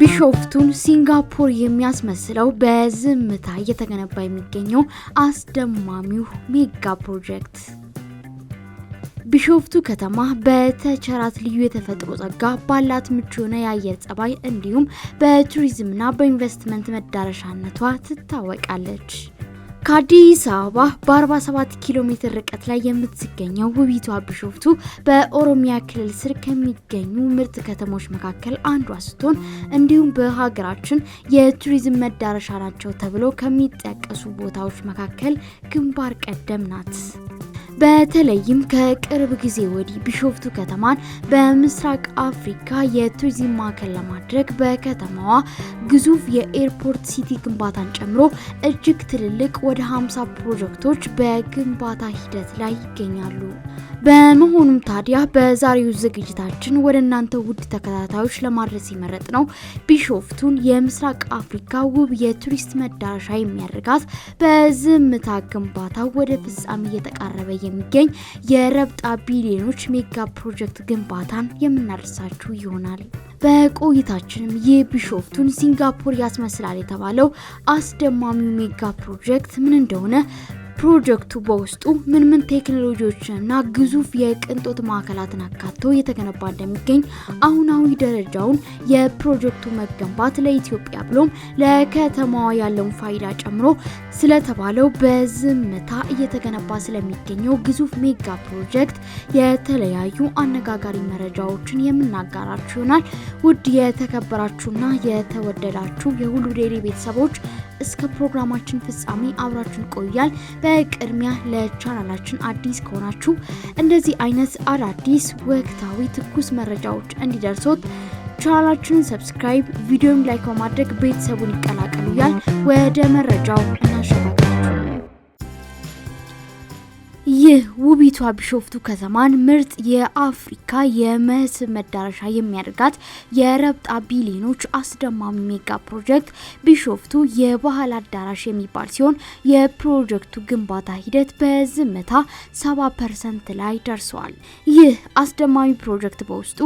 ቢሾፍቱን ሲንጋፖር የሚያስመስለው በዝምታ እየተገነባ የሚገኘው አስደማሚው ሜጋ ፕሮጀክት ቢሾፍቱ ከተማ በተቸራት ልዩ የተፈጥሮ ጸጋ ባላት ምቹ የሆነ የአየር ጸባይ እንዲሁም በቱሪዝምና በኢንቨስትመንት መዳረሻነቷ ትታወቃለች። ከአዲስ አበባ በ47 ኪሎ ሜትር ርቀት ላይ የምትገኘው ውቢቷ ቢሾፍቱ በኦሮሚያ ክልል ስር ከሚገኙ ምርጥ ከተሞች መካከል አንዷ ስትሆን እንዲሁም በሀገራችን የቱሪዝም መዳረሻ ናቸው ተብለው ከሚጠቀሱ ቦታዎች መካከል ግንባር ቀደም ናት። በተለይም ከቅርብ ጊዜ ወዲህ ቢሾፍቱ ከተማን በምስራቅ አፍሪካ የቱሪዝም ማዕከል ለማድረግ በከተማዋ ግዙፍ የኤርፖርት ሲቲ ግንባታን ጨምሮ እጅግ ትልልቅ ወደ 50 ፕሮጀክቶች በግንባታ ሂደት ላይ ይገኛሉ። በመሆኑም ታዲያ በዛሬው ዝግጅታችን ወደ እናንተ ውድ ተከታታዮች ለማድረስ የመረጥ ነው ቢሾፍቱን የምስራቅ አፍሪካ ውብ የቱሪስት መዳረሻ የሚያደርጋት በዝምታ ግንባታ ወደ ፍጻሜ እየተቃረበ የሚገኝ የረብጣ ቢሊዮኖች ሜጋ ፕሮጀክት ግንባታን የምናደርሳችሁ ይሆናል። በቆይታችንም ይህ ቢሾፍቱን ሲንጋፖር ያስመስላል የተባለው አስደማሚው ሜጋ ፕሮጀክት ምን እንደሆነ ፕሮጀክቱ በውስጡ ምን ምን ቴክኖሎጂዎችንና ግዙፍ የቅንጦት ማዕከላትን አካቶ እየተገነባ እንደሚገኝ አሁናዊ ደረጃውን፣ የፕሮጀክቱ መገንባት ለኢትዮጵያ ብሎም ለከተማዋ ያለውን ፋይዳ ጨምሮ ስለተባለው በዝምታ እየተገነባ ስለሚገኘው ግዙፍ ሜጋ ፕሮጀክት የተለያዩ አነጋጋሪ መረጃዎችን የምናጋራችሁ ይሆናል። ውድ የተከበራችሁና የተወደዳችሁ የሁሉ ዴይሊ ቤተሰቦች እስከ ፕሮግራማችን ፍጻሜ አብራችን ቆያል። በቅድሚያ ለቻናላችን አዲስ ከሆናችሁ እንደዚህ አይነት አዳዲስ ወቅታዊ ትኩስ መረጃዎች እንዲደርሶት ቻናላችንን ሰብስክራይብ፣ ቪዲዮም ላይክ በማድረግ ቤተሰቡን ይቀላቀሉ እያል ወደ መረጃው እናሸጋገር። ይህ ውቢቷ ቢሾፍቱ ከተማን ምርጥ የአፍሪካ የመስህብ መዳረሻ የሚያደርጋት የረብጣ ቢሊዮኖች አስደማሚ ሜጋ ፕሮጀክት ቢሾፍቱ የባህል አዳራሽ የሚባል ሲሆን የፕሮጀክቱ ግንባታ ሂደት በዝምታ 70 ፐርሰንት ላይ ደርሰዋል። ይህ አስደማሚ ፕሮጀክት በውስጡ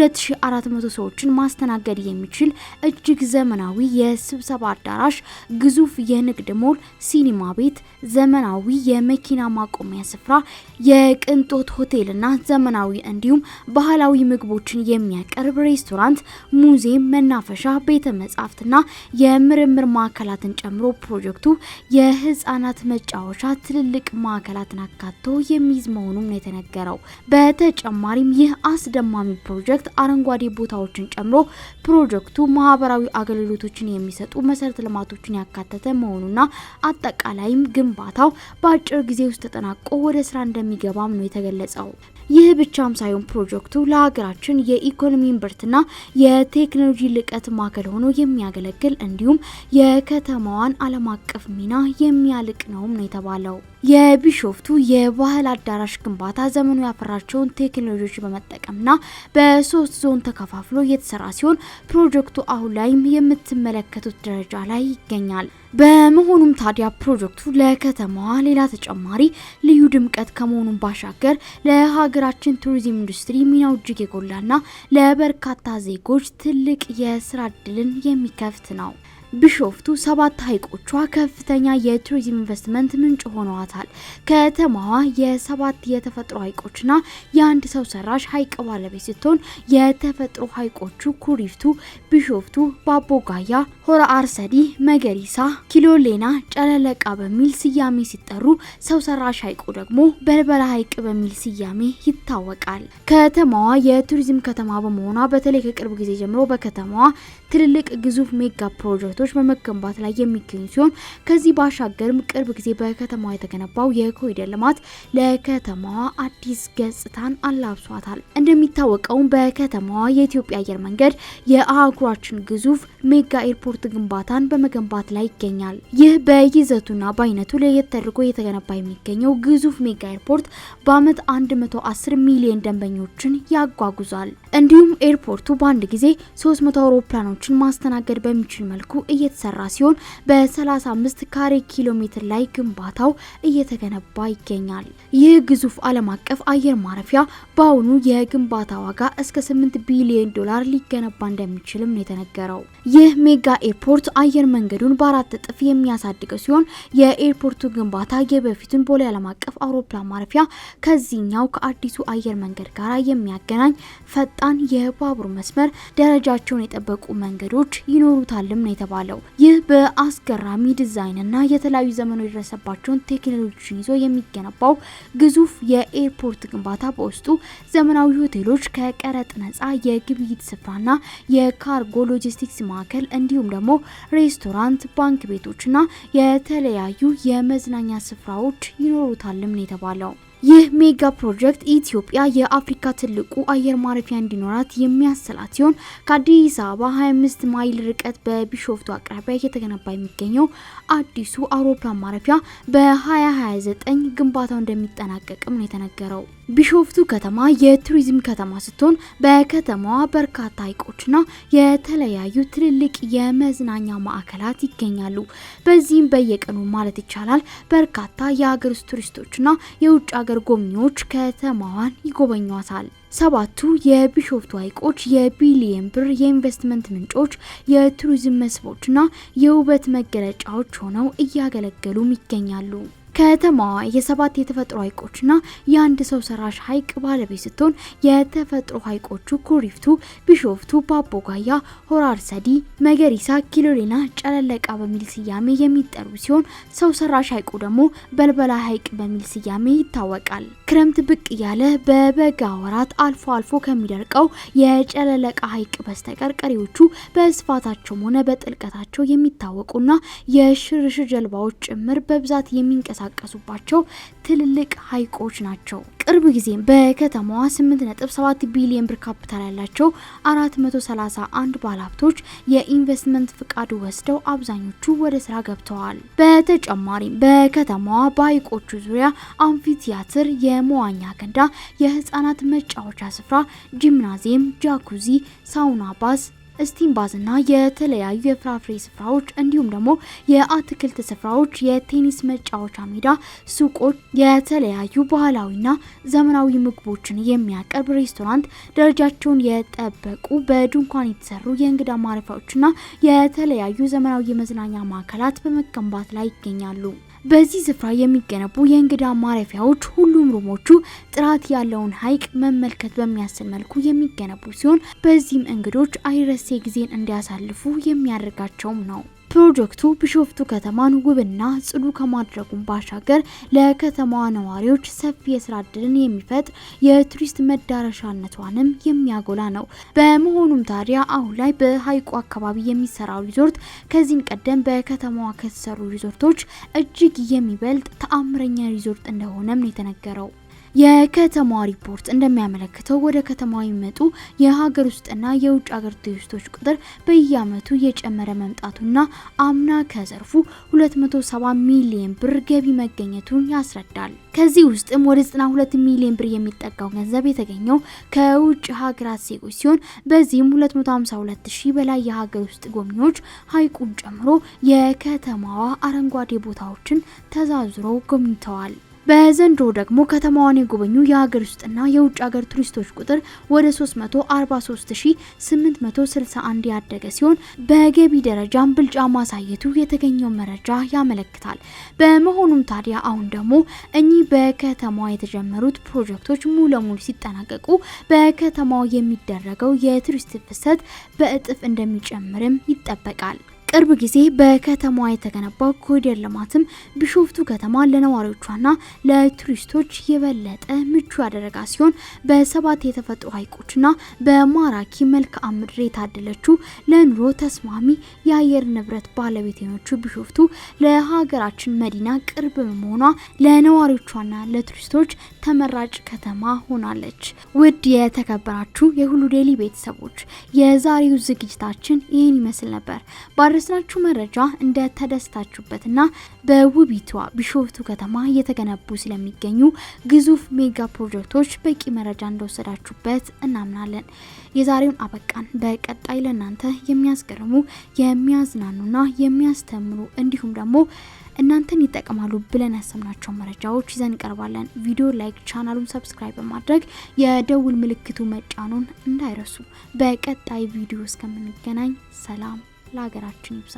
2400 ሰዎችን ማስተናገድ የሚችል እጅግ ዘመናዊ የስብሰባ አዳራሽ፣ ግዙፍ የንግድ ሞል፣ ሲኒማ ቤት፣ ዘመናዊ የመኪና ማቆሚያ ስፍራ ስፍራ የቅንጦት ሆቴልና ዘመናዊ እንዲሁም ባህላዊ ምግቦችን የሚያቀርብ ሬስቶራንት፣ ሙዚየም፣ መናፈሻ፣ ቤተ መጻሕፍትና የምርምር ማዕከላትን ጨምሮ ፕሮጀክቱ የህፃናት መጫወቻ ትልልቅ ማዕከላትን አካቶ የሚይዝ መሆኑም ነው የተነገረው። በተጨማሪም ይህ አስደማሚ ፕሮጀክት አረንጓዴ ቦታዎችን ጨምሮ ፕሮጀክቱ ማህበራዊ አገልግሎቶችን የሚሰጡ መሰረተ ልማቶችን ያካተተ መሆኑና አጠቃላይም ግንባታው በአጭር ጊዜ ውስጥ ተጠናቆ ወደ ወደ ስራ እንደሚገባም ነው የተገለጸው። ይህ ብቻም ሳይሆን ፕሮጀክቱ ለሀገራችን የኢኮኖሚ ምርትና የቴክኖሎጂ ልቀት ማዕከል ሆኖ የሚያገለግል እንዲሁም የከተማዋን ዓለም አቀፍ ሚና የሚያልቅ ነውም ነው የተባለው። የቢሾፍቱ የባህል አዳራሽ ግንባታ ዘመኑ ያፈራቸውን ቴክኖሎጂዎች በመጠቀምና በሶስት ዞን ተከፋፍሎ የተሰራ ሲሆን ፕሮጀክቱ አሁን ላይም የምትመለከቱት ደረጃ ላይ ይገኛል። በመሆኑም ታዲያ ፕሮጀክቱ ለከተማዋ ሌላ ተጨማሪ ልዩ ድምቀት ከመሆኑን ባሻገር ለሀገራችን ቱሪዝም ኢንዱስትሪ ሚናው እጅግ የጎላና ለበርካታ ዜጎች ትልቅ የስራ እድልን የሚከፍት ነው። ቢሾፍቱ ሰባት ሐይቆቿ ከፍተኛ የቱሪዝም ኢንቨስትመንት ምንጭ ሆነዋታል። ከተማዋ የሰባት የተፈጥሮ ሐይቆችና የአንድ ሰው ሰራሽ ሐይቅ ባለቤት ስትሆን የተፈጥሮ ሐይቆቹ ኩሪፍቱ፣ ቢሾፍቱ፣ ባቦጋያ፣ ሆራ አርሰዲ፣ መገሪሳ፣ ኪሎሌና ጨለለቃ በሚል ስያሜ ሲጠሩ ሰው ሰራሽ ሐይቁ ደግሞ በልበላ ሐይቅ በሚል ስያሜ ይታወቃል። ከተማዋ የቱሪዝም ከተማ በመሆኗ በተለይ ከቅርብ ጊዜ ጀምሮ በከተማዋ ትልልቅ ግዙፍ ሜጋ ፕሮጀክቶች በመገንባት ላይ የሚገኙ ሲሆን ከዚህ ባሻገርም ቅርብ ጊዜ በከተማዋ የተገነባው የኮሪደር ልማት ለከተማዋ አዲስ ገጽታን አላብሷታል። እንደሚታወቀውም በከተማዋ የኢትዮጵያ አየር መንገድ የአህጉራችን ግዙፍ ሜጋ ኤርፖርት ግንባታን በመገንባት ላይ ይገኛል። ይህ በይዘቱና በአይነቱ ለየት ተደርጎ የተገነባ የሚገኘው ግዙፍ ሜጋ ኤርፖርት በዓመት 110 ሚሊዮን ደንበኞችን ያጓጉዛል። እንዲሁም ኤርፖርቱ በአንድ ጊዜ 300 አውሮፕላኖች ተዋናዮችን ማስተናገድ በሚችል መልኩ እየተሰራ ሲሆን በ35 ካሬ ኪሎ ሜትር ላይ ግንባታው እየተገነባ ይገኛል። ይህ ግዙፍ ዓለም አቀፍ አየር ማረፊያ በአሁኑ የግንባታ ዋጋ እስከ 8 ቢሊዮን ዶላር ሊገነባ እንደሚችልም ነው የተነገረው። ይህ ሜጋ ኤርፖርት አየር መንገዱን በአራት እጥፍ የሚያሳድገው ሲሆን የኤርፖርቱ ግንባታ የበፊቱን ቦሌ ዓለም አቀፍ አውሮፕላን ማረፊያ ከዚህኛው ከአዲሱ አየር መንገድ ጋር የሚያገናኝ ፈጣን የባቡር መስመር ደረጃቸውን የጠበቁ መንገዶች ይኖሩታልም ነው የተባለው። ይህ በአስገራሚ ዲዛይንና የተለያዩ ዘመኑ የደረሰባቸውን ቴክኖሎጂዎችን ይዞ የሚገነባው ግዙፍ የኤርፖርት ግንባታ በውስጡ ዘመናዊ ሆቴሎች፣ ከቀረጥ ነጻ የግብይት ስፍራና የካርጎ ሎጂስቲክስ ማዕከል እንዲሁም ደግሞ ሬስቶራንት፣ ባንክ ቤቶችና የተለያዩ የመዝናኛ ስፍራዎች ይኖሩታልም ነው የተባለው። ይህ ሜጋ ፕሮጀክት ኢትዮጵያ የአፍሪካ ትልቁ አየር ማረፊያ እንዲኖራት የሚያሰላት ሲሆን ከአዲስ አበባ 25 ማይል ርቀት በቢሾፍቱ አቅራቢያ እየተገነባ የሚገኘው አዲሱ አውሮፕላን ማረፊያ በ2029 ግንባታው እንደሚጠናቀቅም ነው የተነገረው። ቢሾፍቱ ከተማ የቱሪዝም ከተማ ስትሆን በከተማዋ በርካታ ሐይቆችና የተለያዩ ትልልቅ የመዝናኛ ማዕከላት ይገኛሉ። በዚህም በየቀኑ ማለት ይቻላል በርካታ የሀገር ውስጥ ቱሪስቶችና የውጭ ሀገር ጎብኚዎች ከተማዋን ይጎበኟታል። ሰባቱ የቢሾፍቱ ሀይቆች የቢሊየን ብር የኢንቨስትመንት ምንጮች፣ የቱሪዝም መስህቦችና የውበት መገለጫዎች ሆነው እያገለገሉም ይገኛሉ። ከተማዋ የሰባት የተፈጥሮ ሀይቆችና የአንድ ሰው ሰራሽ ሀይቅ ባለቤት ስትሆን የተፈጥሮ ሀይቆቹ ኩሪፍቱ፣ ቢሾፍቱ፣ ባቦጋያ፣ ሆራር ሰዲ፣ መገሪሳ፣ ኪሎሌና ጨለለቃ በሚል ስያሜ የሚጠሩ ሲሆን ሰው ሰራሽ ሀይቁ ደግሞ በልበላ ሀይቅ በሚል ስያሜ ይታወቃል። ክረምት ብቅ እያለ በበጋ ወራት አልፎ አልፎ ከሚደርቀው የጨለለቃ ሀይቅ በስተቀር ቀሪዎቹ በስፋታቸውም ሆነ በጥልቀታቸው የሚታወቁና የሽርሽር ጀልባዎች ጭምር በብዛት የሚንቀሳ የሚንቀሳቀሱባቸው ትልልቅ ሀይቆች ናቸው። ቅርብ ጊዜም በከተማዋ 8.7 ቢሊዮን ብር ካፒታል ያላቸው 431 ባለሀብቶች የኢንቨስትመንት ፍቃድ ወስደው አብዛኞቹ ወደ ስራ ገብተዋል። በተጨማሪም በከተማዋ በሀይቆቹ ዙሪያ አምፊቲያትር፣ የመዋኛ ገንዳ፣ የህፃናት መጫወቻ ስፍራ፣ ጂምናዚየም፣ ጃኩዚ፣ ሳውና ባስ ስቲም እና የተለያዩ የፍራፍሬ ስፍራዎች እንዲሁም ደግሞ የአትክልት ስፍራዎች፣ የቴኒስ መጫወቻ ሜዳ፣ ሱቆች፣ የተለያዩ ባህላዊና ዘመናዊ ምግቦችን የሚያቀርብ ሬስቶራንት፣ ደረጃቸውን የጠበቁ በድንኳን የተሰሩ የእንግዳ ማረፊያዎችና የተለያዩ ዘመናዊ የመዝናኛ ማዕከላት በመገንባት ላይ ይገኛሉ። በዚህ ስፍራ የሚገነቡ የእንግዳ ማረፊያዎች ሁሉም ሩሞቹ ጥራት ያለውን ሐይቅ መመልከት በሚያስችል መልኩ የሚገነቡ ሲሆን በዚህም እንግዶች አይረሴ ጊዜን እንዲያሳልፉ የሚያደርጋቸውም ነው። ፕሮጀክቱ ቢሾፍቱ ከተማን ውብና ጽዱ ከማድረጉን ባሻገር ለከተማዋ ነዋሪዎች ሰፊ የስራ እድልን የሚፈጥር የቱሪስት መዳረሻነቷንም የሚያጎላ ነው። በመሆኑም ታዲያ አሁን ላይ በሀይቁ አካባቢ የሚሰራው ሪዞርት ከዚህም ቀደም በከተማዋ ከተሰሩ ሪዞርቶች እጅግ የሚበልጥ ተአምረኛ ሪዞርት እንደሆነም ነው የተነገረው። የከተማዋ ሪፖርት እንደሚያመለክተው ወደ ከተማዋ የሚመጡ የሀገር ውስጥና የውጭ ሀገር ቱሪስቶች ቁጥር በየአመቱ እየጨመረ መምጣቱና አምና ከዘርፉ 270 ሚሊዮን ብር ገቢ መገኘቱን ያስረዳል። ከዚህ ውስጥም ወደ 92 ሚሊዮን ብር የሚጠጋው ገንዘብ የተገኘው ከውጭ ሀገራት ዜጎች ሲሆን በዚህም 252 ሺህ በላይ የሀገር ውስጥ ጎብኚዎች ሀይቁን ጨምሮ የከተማዋ አረንጓዴ ቦታዎችን ተዛዝሮ ጎብኝተዋል። በዘንድሮ ደግሞ ከተማዋን የጎበኙ የሀገር ውስጥና የውጭ ሀገር ቱሪስቶች ቁጥር ወደ 343861 ያደገ ሲሆን በገቢ ደረጃም ብልጫ ማሳየቱ የተገኘው መረጃ ያመለክታል። በመሆኑም ታዲያ አሁን ደግሞ እኚህ በከተማዋ የተጀመሩት ፕሮጀክቶች ሙሉ ለሙሉ ሲጠናቀቁ በከተማው የሚደረገው የቱሪስት ፍሰት በእጥፍ እንደሚጨምርም ይጠበቃል። ቅርብ ጊዜ በከተማዋ የተገነባው ኮሪደር ልማትም ቢሾፍቱ ከተማ ለነዋሪዎቿና ለቱሪስቶች የበለጠ ምቹ ያደረጋ ሲሆን በሰባት የተፈጥሮ ሐይቆችና በማራኪ መልክዓ ምድር የታደለችው ለኑሮ ተስማሚ የአየር ንብረት ባለቤት የሆነችው ቢሾፍቱ ለሀገራችን መዲና ቅርብ መሆኗ ለነዋሪዎቿና ለቱሪስቶች ተመራጭ ከተማ ሆናለች። ውድ የተከበራችሁ የሁሉ ዴይሊ ቤተሰቦች የዛሬው ዝግጅታችን ይህን ይመስል ነበር። ባደረስናችሁ መረጃ እንደተደስታችሁበትና በውቢቷ ቢሾፍቱ ከተማ እየተገነቡ ስለሚገኙ ግዙፍ ሜጋ ፕሮጀክቶች በቂ መረጃ እንደወሰዳችሁበት እናምናለን። የዛሬውን አበቃን። በቀጣይ ለእናንተ የሚያስገርሙ የሚያዝናኑና የሚያስተምሩ እንዲሁም ደግሞ እናንተን ይጠቅማሉ ብለን ያሰብናቸው መረጃዎች ይዘን እንቀርባለን። ቪዲዮ ላይክ፣ ቻናሉን ሰብስክራይብ በማድረግ የደውል ምልክቱ መጫኑን እንዳይረሱ። በቀጣይ ቪዲዮ እስከምንገናኝ ሰላም ለሀገራችን ይብዛ።